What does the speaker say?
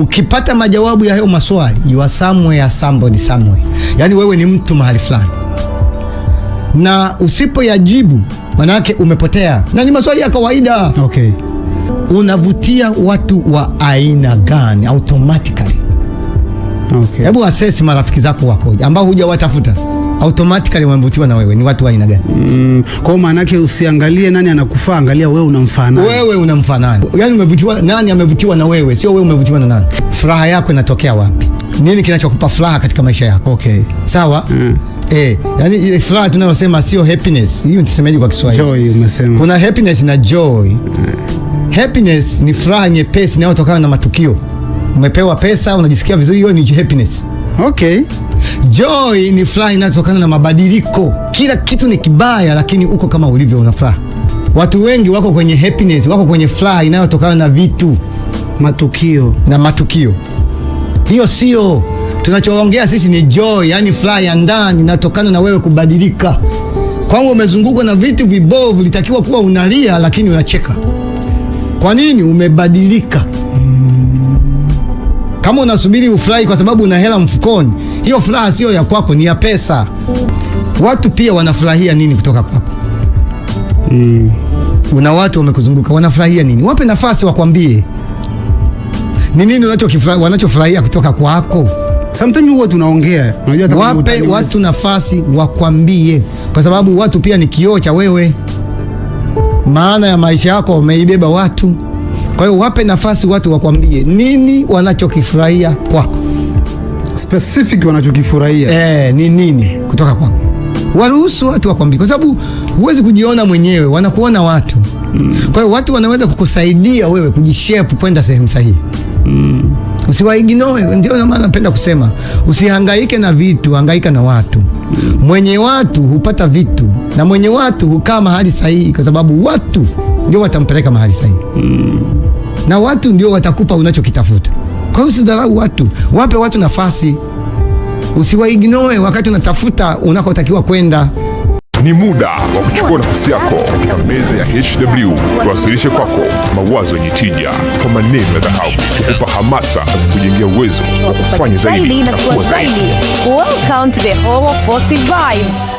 Ukipata majawabu ya hayo maswali, you are somewhere, somebody, somewhere. yani wewe ni mtu mahali fulani, na usipoyajibu manake umepotea, na ni maswali ya kawaida okay. Unavutia watu wa aina gani automatically? Okay. Hebu assess marafiki zako wakoja ambao hujawatafuta automatically wanavutiwa na wewe. Ni watu wa aina gani? Mm, kwa maana yake usiangalie nani anakufaa, angalia wewe unamfanana. Wewe unamfanana. nani? Yaani umevutiwa nani, amevutiwa na wewe, sio wewe umevutiwa na nani. Furaha yako inatokea wapi? Nini kinachokupa furaha katika maisha yako? Okay. Sawa? Mm. Eh, yani ile furaha tunayosema sio happiness. Hiyo nitasemaje kwa Kiswahili? Joy umesema. Kuna happiness na joy. Mm. Happiness ni furaha nyepesi inayotokana na matukio. Umepewa pesa, unajisikia vizuri, hiyo ni happiness. Okay. Joy ni furaha inayotokana na mabadiliko. Kila kitu ni kibaya, lakini uko kama ulivyo, una furaha. Watu wengi wako kwenye happiness, wako kwenye furaha inayotokana na vitu, matukio na matukio. Hiyo sio tunachoongea sisi, ni joy, yani furaha ya ndani inatokana na wewe kubadilika. Kwangu umezungukwa na vitu vibovu, litakiwa kuwa unalia, lakini unacheka. Kwa nini? Umebadilika. Kama unasubiri ufurahi kwa sababu una hela mfukoni, hiyo furaha sio ya kwako, ni ya pesa. Watu pia wanafurahia nini kutoka kwako? Mm. Una watu wamekuzunguka wanafurahia nini? Wape nafasi wakwambie ni nini wanachofurahia kutoka kwako. Sometimes huwa tunaongea, unajua, wape watu nafasi wakwambie, kwa sababu watu pia ni kioo cha wewe. Maana ya maisha yako wameibeba watu. Kwa hiyo wape nafasi watu wakwambie nini wanachokifurahia kwako, specific wanachokifurahia eh, ni nini kutoka kwako. Waruhusu watu wakwambie, kwa sababu huwezi kujiona mwenyewe, wanakuona watu mm. Kwa hiyo watu wanaweza kukusaidia wewe kujishape kwenda sehemu sahihi mm. Usiwaiginoe, ndio maana napenda kusema usihangaike na vitu, hangaika na watu. Mm. Mwenye watu hupata vitu na mwenye watu hukaa mahali sahihi, kwa sababu watu ndio watampeleka mahali sahihi mm. na watu ndio watakupa unachokitafuta. Kwa hiyo usidharau watu, wape watu nafasi, usiwaignore wakati unatafuta unakotakiwa kwenda. Ni muda wa kuchukua nafasi yako katika meza ya HW, tuwasilishe kwako mawazo yenye tija kwa maneno ya dhahabu, kukupa hamasa kujengea uwezo wa kufanya zaidi na kuwa zaidi. Welcome to the Hall of Positive Vibes.